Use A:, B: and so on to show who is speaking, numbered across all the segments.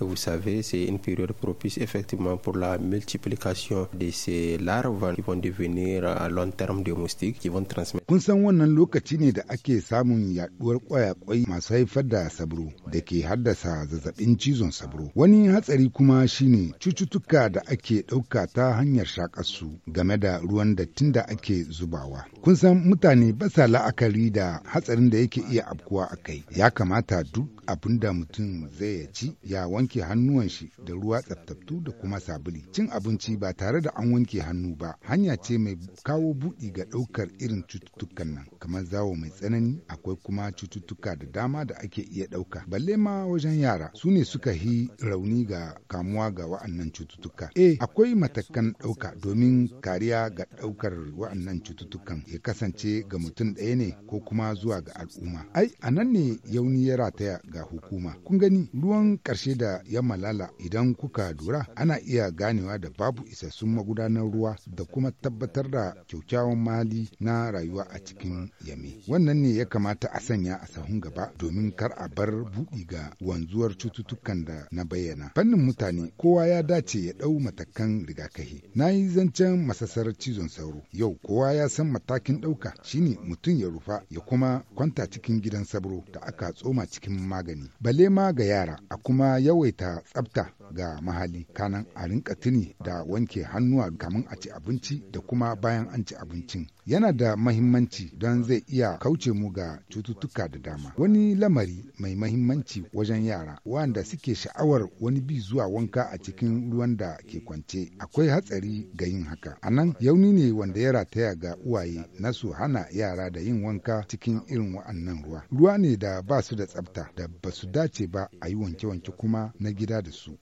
A: Vous savez, c'est une période propice effectivement pour la multiplication de ces larves qui vont devenir à long terme des moustiques qui vont transmettre. Kun san wannan lokaci ne da ake
B: samun yaduwar kwayakwai masu haifar da sabro da ke haddasa zazzabin cizon sabro. Wani hatsari kuma shine cututtuka da ake ɗauka ta hanyar su game da ruwan dattin da ake zubawa. Kun san mutane ba sa la'akari da hatsarin da yake iya afkuwa a kai. Ya kamata duk abin da mutum zai ya ci ya wanke hannuwan shi da ruwa tsaftattu da kuma sabuli cin abinci ba tare da an wanke hannu ba hanya ce mai kawo buɗi ga ɗaukar irin cututtukan nan kamar zawo mai tsanani akwai kuma cututtuka da dama da ake iya ɗauka balle ma wajen yara su ne suka yi rauni ga kamuwa ga wa'annan cututtuka eh akwai matakan ɗauka domin kariya ga ɗaukar wa'annan cututtukan ya kasance ga mutum ɗaya ne ko kuma zuwa ga al'umma ai anan nan ne yauni ya rataya ga ga hukuma kun gani ruwan ƙarshe da ya malala idan kuka lura ana iya ganewa da babu isassun magudanar ruwa da kuma tabbatar da kyaukyawan mali na rayuwa a cikin yami wannan ne ya kamata a sanya a sahun gaba domin kar a bar buɗi ga wanzuwar cututtukan da na bayyana fannin mutane kowa ya dace ya ɗau matakan rigakafi na yi zancen masasar cizon sauro yau kowa ya san matakin ɗauka shine mutum ya rufa ya kuma kwanta cikin gidan sabro da aka tsoma cikin magani magani, balle ma ga yara a kuma yawaita tsafta ga mahali kanan a rinka tuni da wanke hannuwa kamin a ci abinci da kuma bayan an ci abincin yana da mahimmanci don zai iya kauce mu ga cututtuka da dama wani lamari mai mahimmanci wajen yara wanda suke sha'awar wani bi zuwa wanka a cikin ruwan da ke kwance akwai hatsari ga yin haka a nan yauni ne wanda ya rataya ga uwaye na su hana yara da yin wanka cikin irin wa'annan ruwa ruwa ne da ba su da tsabta da ba su dace ba a yi wanke-wanke kuma na gida
A: da su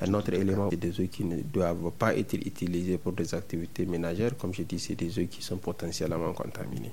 A: un autre élément des œufs qui ne doivent pas être utilisés pour des activités ménagères comme je dis c'est des œufs qui sont potentiellement contaminés.